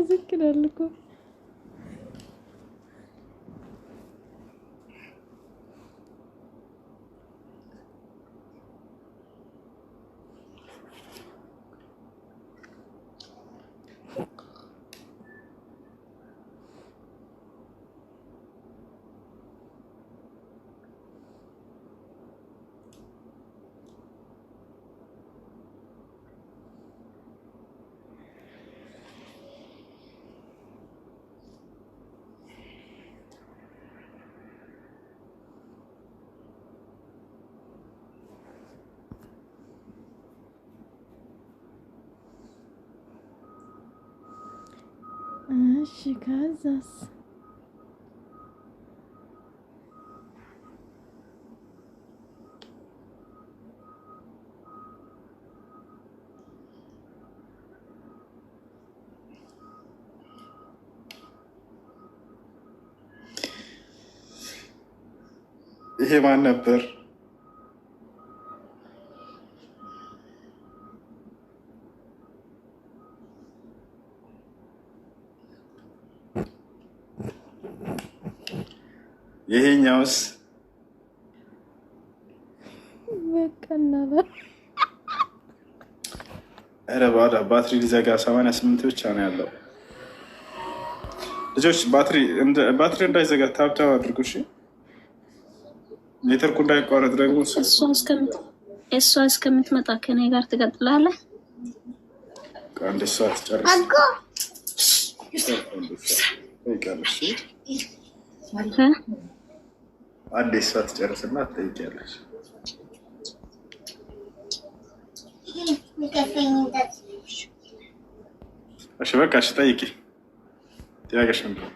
አመሰግናለሁ እኮ nas casas. ይሄ ማን ነበር? ይሄኛውስ ኧረ ባዳ ባትሪ ሊዘጋ ስምንት ብቻ ነው ያለው። ልጆች ባትሪ እንዳይዘጋ ታብታብ አድርጉ እሺ። ኔትወርኩ እንዳይቋረጥ ደግሞ እሷ እስከምትመጣ ከኔ ጋር ትቀጥላለህ። አንድ ሰዓት ጨርስ አንድ ሰዓት ጨርስና ትጠይቂያለሽ። እሺ በቃ እሺ፣ ጠይቂ። ጥያቄሽ ምንድን ነው?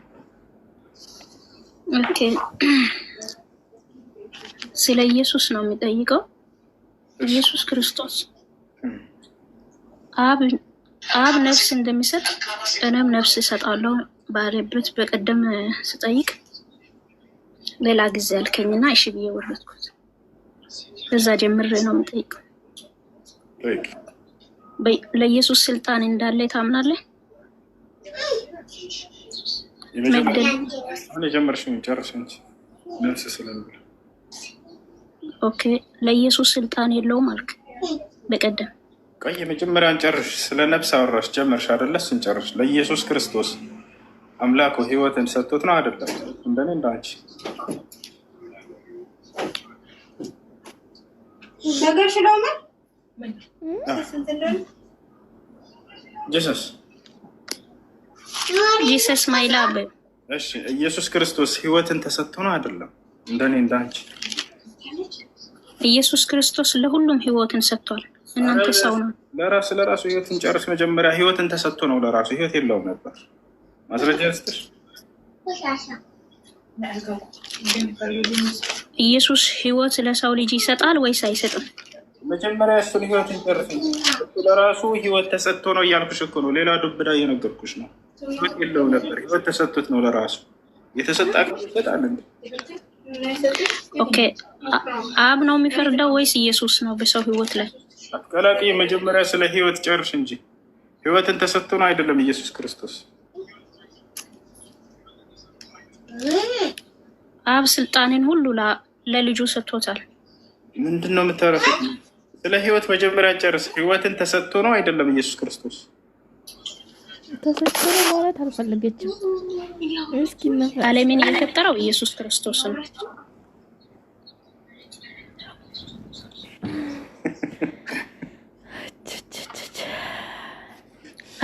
ስለ ኢየሱስ ነው የሚጠይቀው። ኢየሱስ ክርስቶስ አብ አብ ነፍስ እንደሚሰጥ እኔም ነፍስ እሰጣለሁ ባለበት በቀደም ስጠይቅ ሌላ ጊዜ አልከኝና እሺ ብዬ ወረድኩት። በዛ ጀምሬ ነው የምጠይቀው። ለኢየሱስ ስልጣን እንዳለ ታምናለህ? ኦኬ ለኢየሱስ ስልጣን የለውም አልክ በቀደም። ቆይ መጀመሪያን ጨርሽ። ስለ ነብስ አወራሽ ጀመርሽ አይደለ? እሱን ጨርሽ። ለኢየሱስ ክርስቶስ አምላክ ህይወትን ሰጥቶት ነው አይደለም? እንደኔ እንዳንቺ ነገር ስለሆነ ጂሰስ ማይ ማይላብ እሺ፣ ኢየሱስ ክርስቶስ ህይወትን ተሰጥቶ ነው አይደለም? እንደኔ እንዳንቺ ኢየሱስ ክርስቶስ ለሁሉም ህይወትን ሰጥቷል። እናንተ ሰው ነው ለራስ ለራሱ ህይወትን ጨርስ። መጀመሪያ ህይወትን ተሰጥቶ ነው ለራሱ ህይወት የለውም ነበር ማስረጃ ስጥሽ። ኢየሱስ ህይወት ለሰው ልጅ ይሰጣል ወይስ አይሰጥም? መጀመሪያ እሱን ህይወት ይጨርስ። ለራሱ ህይወት ተሰጥቶ ነው እያልኩሽ እኮ ነው። ሌላ ዱብዳ እየነገርኩሽ ነው። ህይወት የለው ነበር፣ ህይወት ተሰጥቶት ነው ለራሱ የተሰጣ ይሰጣል። ኦኬ አብ ነው የሚፈርደው ወይስ ኢየሱስ ነው በሰው ህይወት ላይ? አትቀላቂ መጀመሪያ ስለ ህይወት ጨርሽ እንጂ ህይወትን ተሰጥቶ ነው አይደለም ኢየሱስ ክርስቶስ አብ ስልጣኔን ሁሉ ለልጁ ሰጥቶታል። ምንድን ነው የምታረፉ? ስለ ህይወት መጀመሪያ ጨርስ። ህይወትን ተሰጥቶ ነው አይደለም? ኢየሱስ ክርስቶስ ተሰጥቶ ነው ማለት አልፈለገችም። እስኪ ዓለምን የፈጠረው ኢየሱስ ክርስቶስ ነው።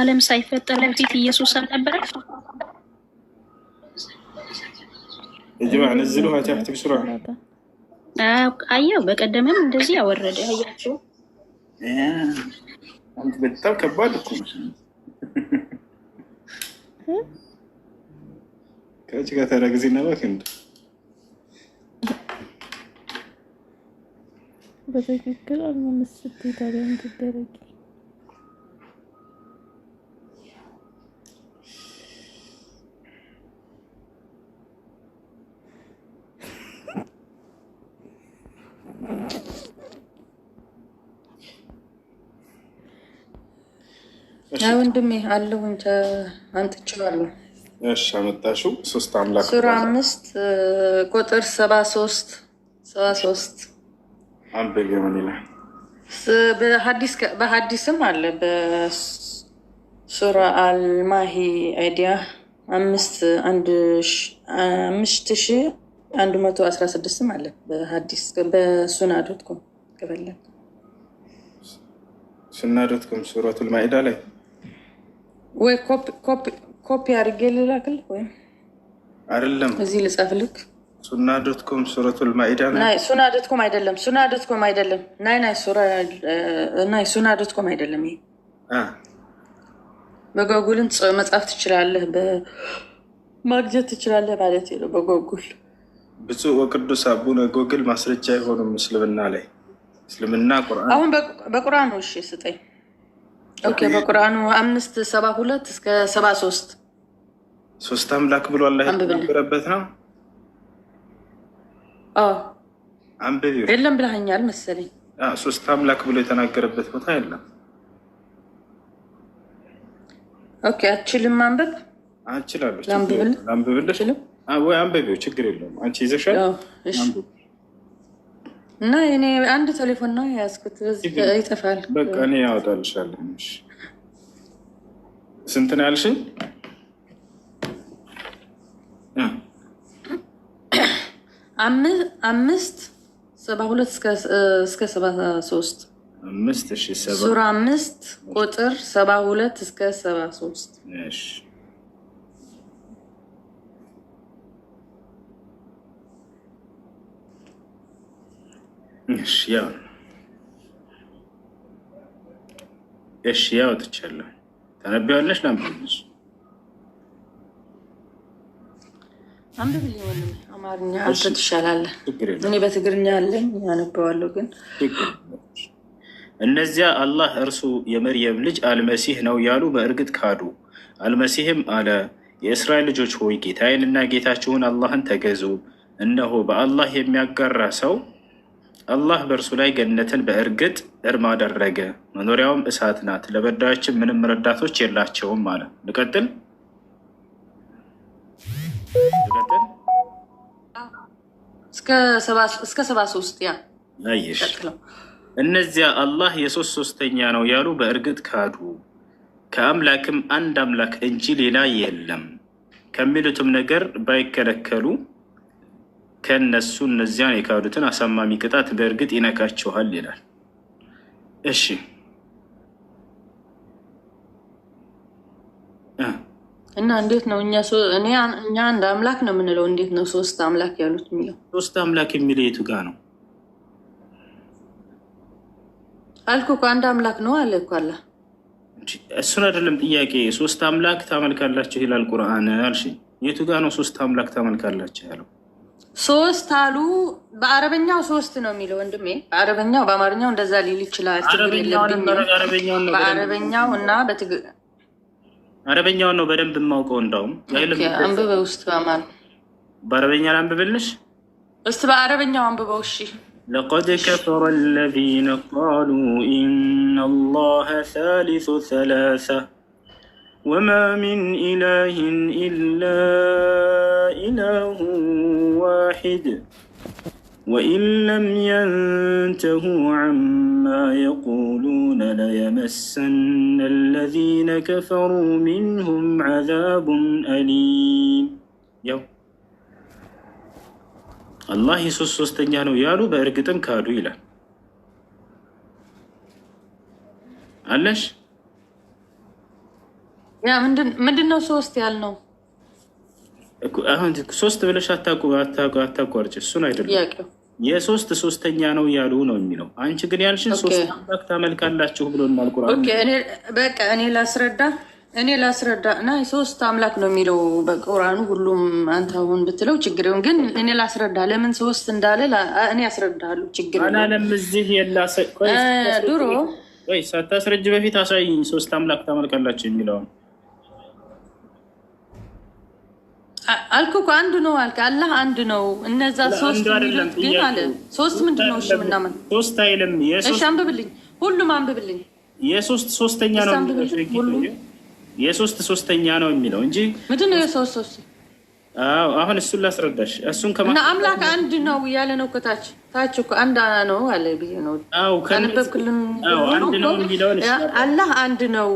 ዓለም ሳይፈጠር በፊት ኢየሱስ አልነበረ? እጅማዕ ነዝሉሃ ታሕት ብስሩዕ አየው። በቀደምም እንደዚህ ያወረደ አያችሁ። በጣም ከባድ እኮ ከጭ ከተረ ጊዜ ነበክ እንደ በትክክል አልመመስል ታዲያ ምትደረግ ወንድሜ አለሁኝ አንጥቼዋለሁ። እሺ አመጣሽው። ሶስት አምላክ ሱራ አምስት ቁጥር ሰባ ሶስት ሰባ ሶስት አንብቤ ምን ይላል? በሀዲስም አለ በሱራ አልማሂ አይዲያ አምስት አንድ አምስት ሺ አንድ መቶ አስራ ስድስትም አለ በሀዲስ በሱና ዶት ኮም ገበለን ሱና ዶት ኮም ሱረቱል ማኢዳ ላይ ወይ ኮፒ አድርጌ ልላክልህ ወይም አይደለም እዚህ ልጻፍልክ። ሱና ዶት ኮም ሱረቱል ማኢዳ ሱና ዶት ኮም አይደለም፣ ሱና ዶት ኮም አይደለም። ናይ ናይ ሱና ዶት ኮም አይደለም። ይሄ በጎጉልን መጻፍ ትችላለህ፣ በማግኘት ትችላለህ ማለት ነው። በጎጉል ብፁዕ ወቅዱስ አቡነ ጎግል ማስረጃ የሆኑ እስልምና ላይ እስልምና ቁርአን አሁን በቁርአን ነው። እሺ ስጠኝ ኦኬ በቁርአኑ አምስት ሰባ ሁለት እስከ ሰባ ሶስት ሶስት አምላክ ብሎ አላ ነበረበት ነው አንብቢ የለም ብለኸኛል መሰለኝ። ሶስት አምላክ ብሎ የተናገረበት ቦታ የለም። ኦኬ አችልም ማንበብ አችላለሁ። አንብብልሽ ወይ አንብቢው ችግር የለውም። አንቺ ይዘሻል እና እኔ አንድ ቴሌፎን ነው የያዝኩት። ይጠፋል። በቃ እኔ ያወጣልሻለሁ። ስንት ነው ያልሽኝ? አምስት ሰባ ሁለት እስከ ሰባ ሶስት ሱራ አምስት ቁጥር ሰባ ሁለት እስከ ሰባ ሶስት ያው እሺ፣ ያው ትቻለሁ። ታነቢዋለሽ? አማርኛ አንተ ትሻላለህ። እኔ በትግርኛ አለኝ ያነበዋለሁ። ግን እነዚያ አላህ እርሱ የመርየም ልጅ አልመሲህ ነው ያሉ በእርግጥ ካዱ። አልመሲህም አለ የእስራኤል ልጆች ሆይ ጌታዬንና ጌታችሁን አላህን ተገዙ። እነሆ በአላህ የሚያጋራ ሰው አላህ በእርሱ ላይ ገነትን በእርግጥ እርም አደረገ፣ መኖሪያውም እሳት ናት፣ ለበዳዮችም ምንም ረዳቶች የላቸውም አለ። ልቀጥል ልቀጥል እስከ ሰባ ሶስት ያ እነዚያ አላህ የሶስት ሶስተኛ ነው ያሉ በእርግጥ ካዱ። ከአምላክም አንድ አምላክ እንጂ ሌላ የለም ከሚሉትም ነገር ባይከለከሉ ከነሱ እነዚያን የካዱትን አሳማሚ ቅጣት በእርግጥ ይነካችኋል ይላል። እሺ እና እንዴት ነው እኛ እኛ አንድ አምላክ ነው የምንለው? እንዴት ነው ሶስት አምላክ ያሉት የሚለው? ሶስት አምላክ የሚለው የቱ ጋ ነው አልኩ እኮ አንድ አምላክ ነው አለ እኮ አላህ። እሱን አይደለም ጥያቄ። ሶስት አምላክ ታመልካላችሁ ይላል ቁርአን አልሽ። የቱ ጋ ነው ሶስት አምላክ ታመልካላችሁ ያለው? ሶስት አሉ። በአረበኛው ሶስት ነው የሚለው ወንድሜ። በአረበኛው በአማርኛው እንደዛ ሊል ይችላል። በአረበኛው እና በትግ አረበኛውን ነው በደንብ የማውቀው። እንዳውም አንብበ ውስጥ በአማር በአረበኛ ላንብብልሽ እስቲ። በአረበኛው አንብበው እሺ። ለቀድ ከፈረ ለዚነ ቃሉ ኢነ አላህ ሳሊሱ ሰላሳ وما من إله إلا إله واحد وإن لم ينتهوا عما يقولون ليمسن الذين كفروا منهم عذاب أليم يو الله يسوس ሶስተኛ ነው ያሉ كادو إلا ይላል ምንድን ነው ሶስት ያልነው? አሁን ሶስት ብለሽ አታቋርጭ። እሱን አይደለም የሶስት ሶስተኛ ነው ያሉ ነው የሚለው። አንቺ ግን ያልሽን ሶስት አምላክ ታመልካላችሁ ብሎ በቃ እኔ ላስረዳ እኔ ላስረዳ እና ሶስት አምላክ ነው የሚለው በቁርአኑ። ሁሉም አንተ አሁን ብትለው ችግር ይሁን ግን እኔ ላስረዳ ለምን ሶስት እንዳለ እኔ ያስረዳሉ። ችግር አላለም እዚህ የላሰ ድሮ ወይ ሳታስረጅ በፊት አሳይኝ። ሶስት አምላክ ታመልካላችሁ የሚለውን አልኩ እኮ አንዱ ነው አልክ። አላህ አንድ ነው። እነዛ ሶስት የሚሉት ግን አለ ሶስት ምንድን ነው? እሺ ምናምን ሶስት አይልም። እሺ አንብብልኝ፣ ሁሉም አንብብልኝ። የሶስት ሶስተኛ ነው የሶስት ሶስተኛ ነው የሚለው እንጂ ምንድን ነው የሶስት ሶስት? አሁን እሱን ላስረዳሽ። እሱን ከማ አምላክ አንድ ነው እያለ ነው። ከታች ታች እኮ አንድ ነው አለ ብዬ ነው አነበብክልን። አንድ ነው የሚለውን አላህ አንድ ነው።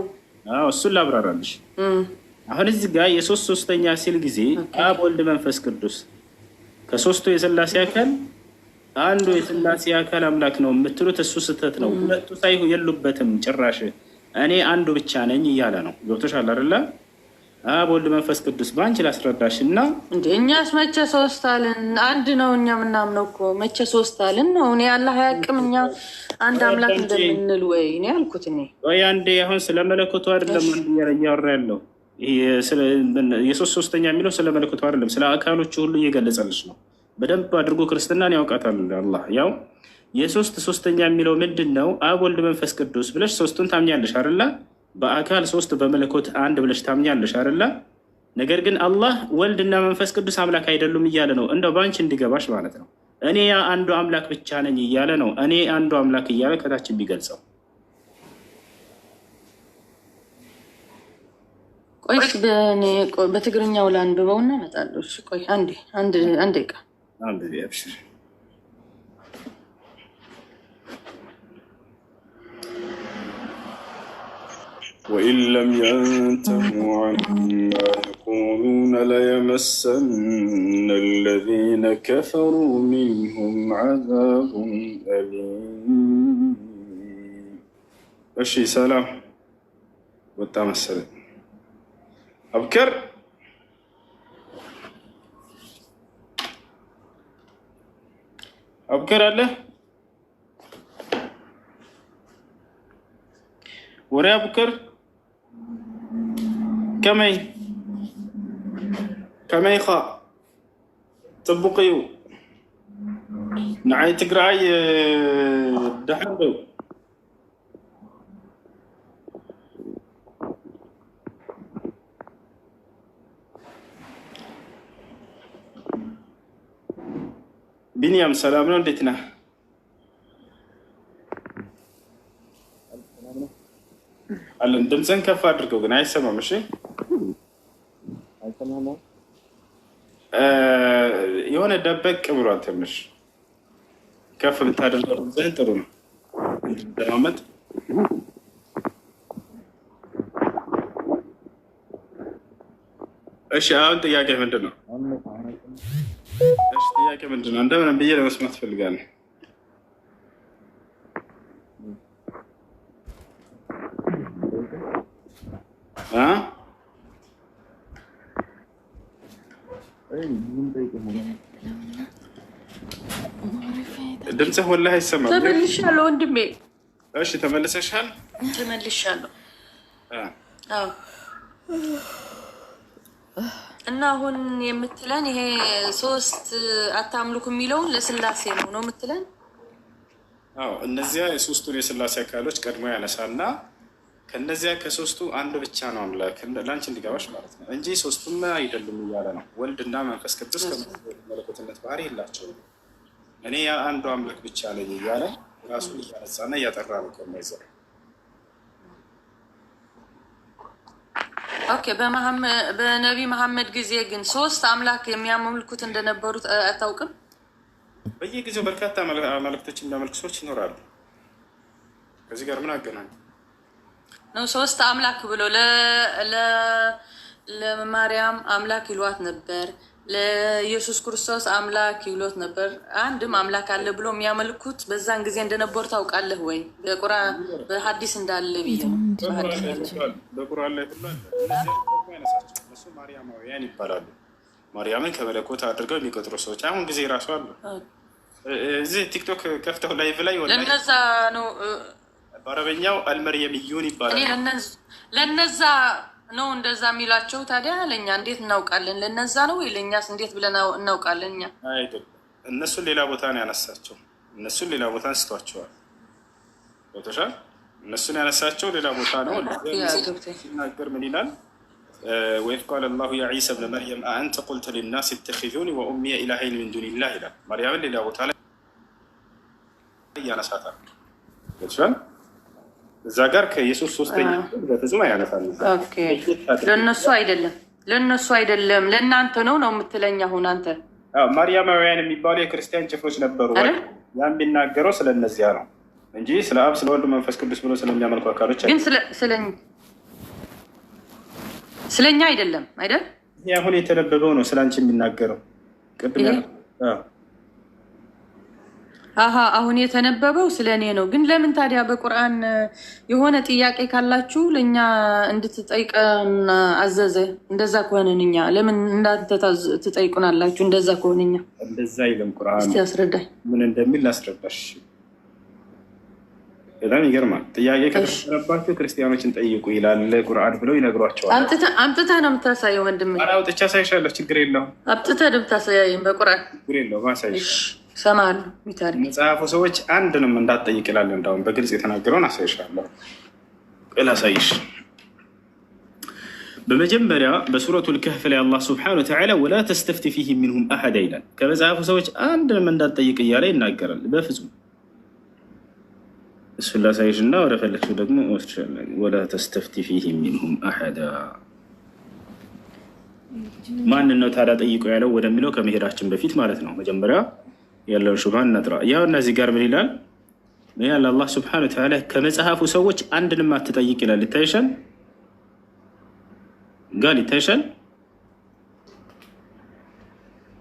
እሱን ላብራራልሽ አሁን እዚህ ጋር የሶስት ሶስተኛ ሲል ጊዜ አብ ወልድ መንፈስ ቅዱስ ከሶስቱ የስላሴ አካል አንዱ የስላሴ አካል አምላክ ነው የምትሉት እሱ ስህተት ነው። ሁለቱ ሳይሆን የሉበትም ጭራሽ እኔ አንዱ ብቻ ነኝ እያለ ነው። ገብቶሻል አይደለ? አብ ወልድ መንፈስ ቅዱስ በአንቺ ላስረዳሽ እና እኛስ መቼ ሶስት አልን? አንድ ነው እኛ ምናምነው እኮ መቼ ሶስት አልን ነው። እኔ አላህ አያውቅም እኛ አንድ አምላክ እንደምንል ወይ እኔ አልኩት። እኔ ወይ አንዴ አሁን ስለመለኮቱ አይደለም እያወራ ያለው የሶስት ሶስተኛ የሚለው ስለ መለኮቱ አይደለም፣ ስለ አካሎች ሁሉ እየገለጸልች ነው። በደንብ አድርጎ ክርስትናን ያውቃታል። አላህ ያው የሶስት ሶስተኛ የሚለው ምንድን ነው? አብ ወልድ፣ መንፈስ ቅዱስ ብለሽ ሶስቱን ታምኛለሽ አይደለ? በአካል ሶስት በመለኮት አንድ ብለሽ ታምኛለሽ አይደለ? ነገር ግን አላህ ወልድና መንፈስ ቅዱስ አምላክ አይደሉም እያለ ነው። እንደው በአንቺ እንዲገባሽ ማለት ነው። እኔ ያ አንዱ አምላክ ብቻ ነኝ እያለ ነው። እኔ አንዱ አምላክ እያለ ከታች የሚገልጸው ቆይ በትግርኛው ላንብበውና እመጣለሁ። እሺ ቆይ አንዴ አንድ አንድ ደቂቃ وإن لم ينتهوا عما يقولون ليمسن الذين كفروا منهم عذاب أليم. أشي سلام ወጣ መሰለኝ أبكر أبكر ألا ወሬ أبكر كمي كمي خا طبقيو نعي تقرأي آه، دحندو ቢንያም ሰላም ነው? እንዴት ነህ? አለን። ድምፅህን ከፍ አድርገው ግን አይሰማም። እሺ፣ የሆነ ደበቅ ብሏል። ትንሽ ከፍ ብታደርገው ድምፅህን ጥሩ ነው ለማመጥ እሺ፣ አሁን ጥያቄ ምንድን ነው? እሺ ጥያቄ ምንድን ነው? እንደምንም ብዬ ለመስማት ፈልጋለሁ። ድምፅህ ወላሂ አይሰማም። ተመልሻለሁ ወንድሜ። እሺ ተመልሰሻል? ተመልሻለሁ። እና አሁን የምትለን ይሄ ሶስት አታምልኩ የሚለውን ለስላሴ ነው ነው የምትለን? አዎ እነዚያ የሶስቱን የስላሴ አካሎች ቀድሞ ያነሳና ከነዚያ ከሶስቱ አንድ ብቻ ነው አምላክ ለአንቺ እንዲገባሽ ማለት ነው እንጂ ሶስቱም አይደሉም እያለ ነው። ወልድና መንፈስ ቅዱስ ከመለኮትነት ባህሪ የላቸውም። እኔ አንዱ አምላክ ብቻ ነኝ እያለ ራሱን እያነጻና እያጠራ ነው ከማይዘር ኦኬ በነቢ መሐመድ ጊዜ ግን ሶስት አምላክ የሚያመልኩት እንደነበሩት አታውቅም? በየጊዜው በርካታ አማልክቶች የሚያመልክ ሰዎች ይኖራሉ። ከዚህ ጋር ምን አገናኝ ነው? ሶስት አምላክ ብሎ ለማርያም አምላክ ይሏት ነበር ለኢየሱስ ክርስቶስ አምላክ ይብሎት ነበር። አንድም አምላክ አለ ብሎ የሚያመልኩት በዛን ጊዜ እንደነበሩ ታውቃለህ ወይ? በቁርአን በሐዲስ እንዳለ በቁርአን ላይ እነሱ ማርያማውያን ይባላሉ። ማርያምን ከመለኮት አድርገው የሚቆጥሩ ሰዎች አሁን ጊዜ ራሱ አሉ። እዚህ ቲክቶክ ከፍተው ላይቭ ላይ ለነዛ ነው በአረበኛው አልመርየምዩን ይባላል ለነዛ ነው እንደዛ የሚላቸው ታዲያ ለእኛ እንዴት እናውቃለን? ለነዛ ነው ወይ ለእኛስ እንዴት ብለን እናውቃለን? እኛ እነሱን ሌላ ቦታ ነው ያነሳቸው። እነሱን ሌላ ቦታ አንስቷቸዋል። ገብቶሻል? እነሱን ያነሳቸው ሌላ ቦታ ነው። ሲናገር ምን ይላል? ወይዝ ቃል ላሁ ያ ዒሳ ብነ መርየም አአንተ ቁልተ ልናስ ተኪዙኒ ወኡሚየ ኢላሀይን ሚን ላህ ይላል። መርያምን ሌላ ቦታ ላይ እያነሳታል። ገብቶሻል? እዛ ጋር ከኢየሱስ ሶስተኛ በፍጹም አያነሳም። ለእነሱ አይደለም ለእነሱ አይደለም ለእናንተ ነው ነው የምትለኝ። አሁን አንተ ማርያማውያን የሚባሉ የክርስቲያን ጭፍሮች ነበሩ። ያ የሚናገረው ስለነዚያ ነው እንጂ ስለ አብ ስለ ወልድ መንፈስ ቅዱስ ብሎ ስለሚያመልኩ አካሎች ግን ስለኛ አይደለም አይደል? አሁን የተነበበው ነው ስለ አንቺ የሚናገረው ቅድም አሀ አሁን የተነበበው ስለ እኔ ነው። ግን ለምን ታዲያ በቁርአን የሆነ ጥያቄ ካላችሁ ለእኛ እንድትጠይቀን አዘዘ? እንደዛ ከሆነን እኛ ለምን እንዳንተ ትጠይቁናላችሁ? እንደዛ ከሆነ እኛ እንደዛ ይለም ቁርአን እስኪ አስረዳኝ፣ ምን እንደሚል ላስረዳሽ። በጣም ይገርማል። ጥያቄ ከተሰረባችሁ ክርስቲያኖችን ጠይቁ ይላል ቁርአን ብለው ይነግሯቸዋል። አምጥተ ነው የምታሳየው ወንድም? አውጥቻ ሳይሻለሁ። ችግር የለውም። አምጥተ ነው የምታሳያየን በቁርአን ችግር የለውም። አሳይሽ ይሰማሉ መጽሐፉ ሰዎች አንድንም እንዳትጠይቅ ይላል። እንዳሁን በግልጽ የተናገረውን አሳይሻለሁ። ላሳይሽ በመጀመሪያ በሱረቱል ከህፍ ላይ አላህ ስብሐነሁ ወተዓላ ወላ ተስተፍት ፊህም ሚንሁም አሐዳ ይላል። ከመጽሐፉ ሰዎች አንድንም እንዳትጠይቅ እያለ ይናገራል። በፍጹም እሱን ላሳይሽ እና ወደ ፈለግሽው ደግሞ ወላ ተስተፍት ፊህም ሚንሁም አሐዳ ማንን ነው ታዲያ ጠይቆ ያለው ወደሚለው ከመሄዳችን በፊት ማለት ነው መጀመሪያ ያለውን ሹብሃን ነጥራ። ያው እና እዚህ ጋር ምን ይላል? ያለ አላህ ስብሐነሁ ወተዓላ ከመጽሐፉ ሰዎች አንድንም አትጠይቅ ይላል። ይታይሻል ጋል ይታይሻል።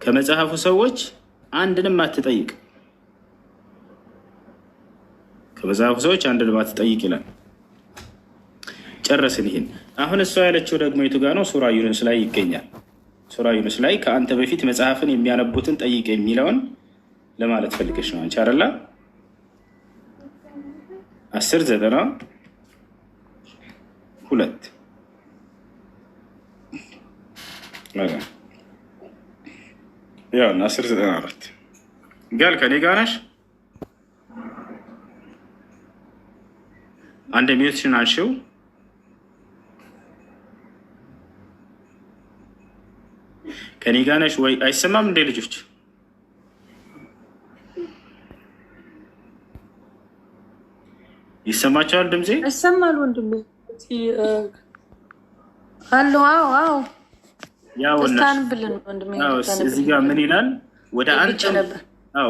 ከመጽሐፉ ሰዎች አንድንም አትጠይቅ፣ ከመጽሐፉ ሰዎች አንድንም አትጠይቅ ይላል። ጨረስን። ይህን አሁን እሷ ያለችው ደግሞ የቱ ጋር ነው? ሱራ ዩንስ ላይ ይገኛል። ሱራ ዩንስ ላይ ከአንተ በፊት መጽሐፍን የሚያነቡትን ጠይቅ የሚለውን ለማለት ፈልገሽ ነው አንቺ አይደለ? አስር ዘጠና ሁለት ያው አስር ዘጠና አራት ጋል ከኔ ጋር ነሽ። አንድ ሚዩትሽን አልሽው። ከኔ ጋር ነሽ ወይ? አይሰማም እንዴ ልጆች ይሰማቸዋል? ድምጼ ይሰማል? ወንድሜ አሎ አዎ አዎ። እዚህ ጋር ምን ይላል?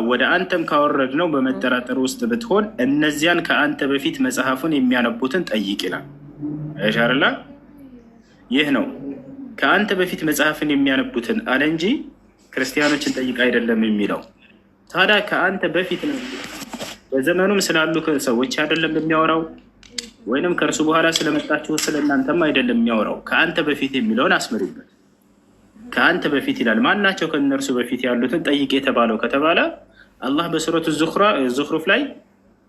ወደ አንተም ካወረድ ነው በመጠራጠር ውስጥ ብትሆን እነዚያን ከአንተ በፊት መጽሐፉን የሚያነቡትን ጠይቅ ይላል። ሻርላ ይህ ነው ከአንተ በፊት መጽሐፍን የሚያነቡትን አለ እንጂ ክርስቲያኖችን ጠይቅ አይደለም የሚለው። ታዲያ ከአንተ በፊት ነው በዘመኑም ስላሉ ሰዎች አይደለም የሚያወራው፣ ወይንም ከእርሱ በኋላ ስለመጣችሁ ስለ እናንተም አይደለም የሚያወራው። ከአንተ በፊት የሚለውን አስምሩበት። ከአንተ በፊት ይላል። ማናቸው ከእነርሱ በፊት ያሉትን ጠይቅ የተባለው ከተባለ አላህ በሱረቱ ዙኽሩፍ ላይ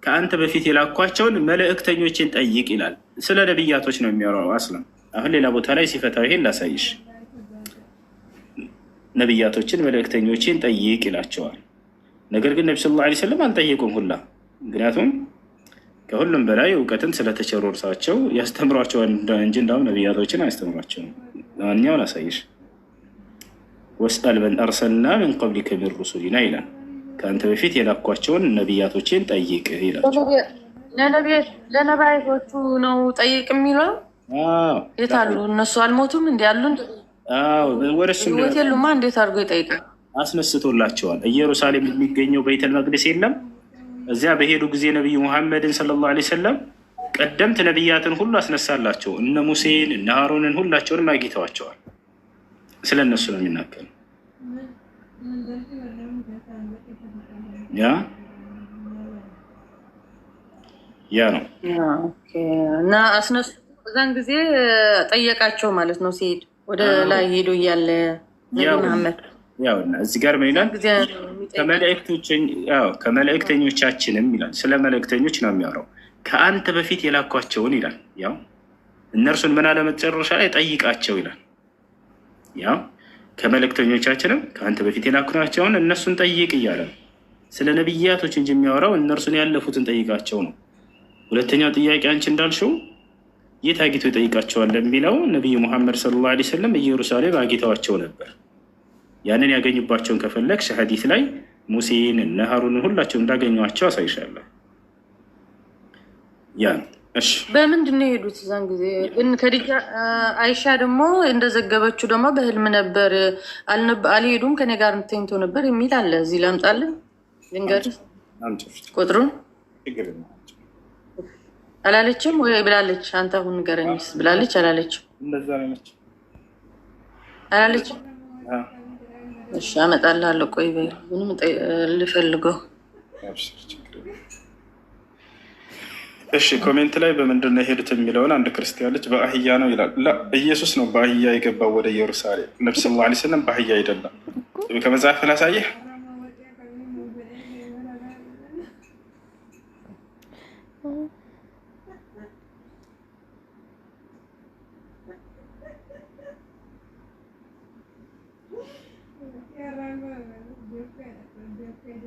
ከአንተ በፊት የላኳቸውን መልእክተኞችን ጠይቅ ይላል። ስለ ነብያቶች ነው የሚያወራው። አስለም አሁን ሌላ ቦታ ላይ ሲፈታው ይሄን ላሳይሽ። ነብያቶችን መልእክተኞችን ጠይቅ ይላቸዋል። ነገር ግን ነቢ ስ ላ ስለም አልጠየቁም ሁላ ምክንያቱም ከሁሉም በላይ እውቀትን ስለተቸሩ እርሳቸው ያስተምሯቸዋል እንጂ እንዳሁም ነቢያቶችን አያስተምሯቸውም። ለማንኛውን አሳይሽ ወስአል መን አርሰልና ምን ቀብሊከ ሚን ሩሱሊና ይላል። ከአንተ በፊት የላኳቸውን ነቢያቶችን ጠይቅ ይላል። ለነቢያቶቹ ነው ጠይቅ የሚለው። የት አሉ እነሱ? አልሞቱም? እንዲ ያሉ ወደሱወት የሉማ እንዴት አድርጎ ይጠይቃል? አስነስቶላቸዋል። ኢየሩሳሌም የሚገኘው ቤተል መቅደስ የለም እዚያ በሄዱ ጊዜ ነቢይ ሙሐመድን ሰለላሁ ዓለይሂ ወሰለም ቀደምት ነቢያትን ሁሉ አስነሳላቸው። እነ ሙሴን እነ ሃሮንን ሁላቸውንም አግኝተዋቸዋል። ስለ እነሱ ነው የሚናገር። ያ ነው እና አስነሱ። በዛን ጊዜ ጠየቃቸው ማለት ነው ሲሄድ ወደ ላይ ሄዱ እያለ ነቢ መሐመድ ያውና እዚህ ጋር ምን ይላል? ከመልእክተኞቻችንም ይላል ስለ መልእክተኞች ነው የሚያወራው። ከአንተ በፊት የላኳቸውን ይላል። ያው እነርሱን ምን አለመጨረሻ ላይ ጠይቃቸው ይላል። ያው ከመልእክተኞቻችንም ከአንተ በፊት የላኩናቸውን እነሱን ጠይቅ እያለ ነው። ስለ ነቢያቶች እንጂ የሚያወራው እነርሱን ያለፉትን ጠይቃቸው ነው። ሁለተኛው ጥያቄ አንቺ እንዳልሽው የት አግኝቶ ይጠይቃቸዋል የሚለው ነቢዩ ሙሐመድ ሰለላሁ ዓለይሂ ወሰለም ኢየሩሳሌም አግኝተዋቸው ነበር። ያንን ያገኙባቸውን ከፈለግሽ ሐዲስ ላይ ሙሴን እና ሀሩንን ሁላቸው እንዳገኟቸው አሳይሻለሁ። በምንድን ነው የሄዱት? እዛን ጊዜ ከዲጃ አይሻ ደግሞ እንደዘገበችው ደግሞ በህልም ነበር አልሄዱም፣ ከኔ ጋር ተኝቶ ነበር የሚል አለ። እዚህ ላምጣልን ልንገር፣ ቁጥሩን አላለችም ወይ ብላለች? አንተ አሁን ንገረኝስ ብላለች። አላለችም አላለችም እሺ አመጣልሃለሁ። ቆይ በይ ምንም ልፈልገው። እሺ ኮሜንት ላይ በምንድን ነው የሄዱት የሚለውን አንድ ክርስቲያን ልጅ በአህያ ነው ይላል። ላ ኢየሱስ ነው በአህያ የገባው ወደ ኢየሩሳሌም። ነብስ ላ ስለም በአህያ አይደለም። ከመጽሐፍ ላሳየህ ኢየሱስ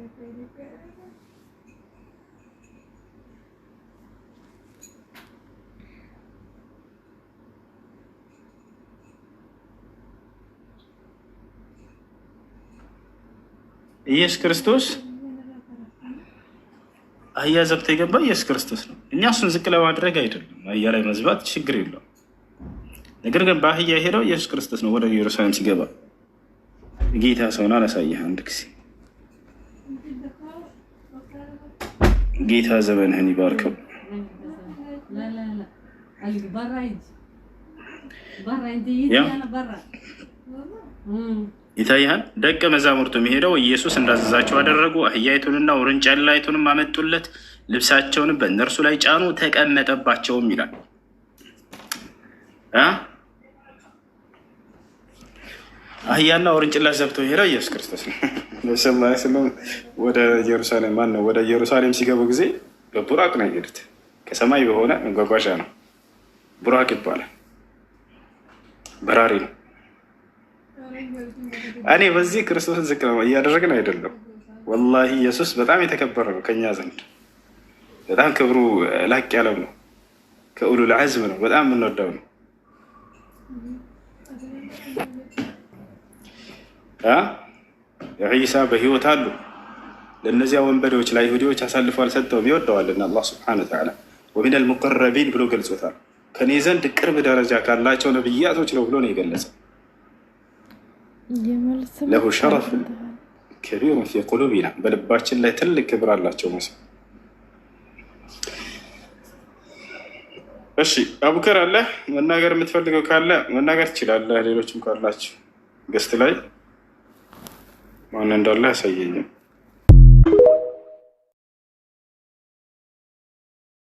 ክርስቶስ አህያ ዘብተ የገባ ኢየሱስ ክርስቶስ ነው። እኛ እሱን ዝቅ ለማድረግ አይደለም። አህያ ላይ መዝባት ችግር የለውም። ነገር ግን በአህያ የሄደው ኢየሱስ ክርስቶስ ነው። ወደ ኢየሩሳሌም ሲገባ ጌታ ሰውን አላሳየህ አንድ ጊዜ ጌታ ዘመንህን ይባርከው። ይታያል ደቀ መዛሙርቱ የሚሄደው ኢየሱስ እንዳዘዛቸው አደረጉ። አህያይቱንና ውርንጫላይቱንም አመጡለት፣ ልብሳቸውንም በእነርሱ ላይ ጫኑ፣ ተቀመጠባቸውም ይላል። አህያና ውርንጭላ ዘብቶ የሄደው ኢየሱስ ክርስቶስ ነው። ስላ ስለም ወደ ኢየሩሳሌም ማን ነው ወደ ኢየሩሳሌም ሲገቡ ጊዜ በቡራቅ ነው የሄዱት። ከሰማይ በሆነ መጓጓዣ ነው። ቡራቅ ይባላል። በራሪ ነው። እኔ በዚህ ክርስቶስን ዝቅ እያደረግን አይደለም። ወላሂ ኢየሱስ በጣም የተከበረ ነው ከኛ ዘንድ በጣም ክብሩ ላቅ ያለም ነው። ከኡሉል አዝም ነው። በጣም የምንወደው ነው። ዒሳ በህይወት አሉ። ለእነዚያ ወንበዴዎች ላይ ይሁዲዎች አሳልፈው አልሰጠውም። ይወደዋልና አላህ ስብሐነ ወተዓላ ወሚን ሙቀረቢን ብሎ ገልጾታል። ከኔ ዘንድ ቅርብ ደረጃ ካላቸው ነብያቶች ነው ብሎ ነው የገለጸ። ለሁ ሸረፍ ከቢሩ ፊ ቁሉቢና በልባችን ላይ ትልቅ ክብር አላቸው። ሙሳ እሺ፣ አቡከር አለ መናገር የምትፈልገው ካለ መናገር ትችላለህ። ሌሎችም ካላችሁ ገስት ላይ ማን እንዳለ ያሳየኝም።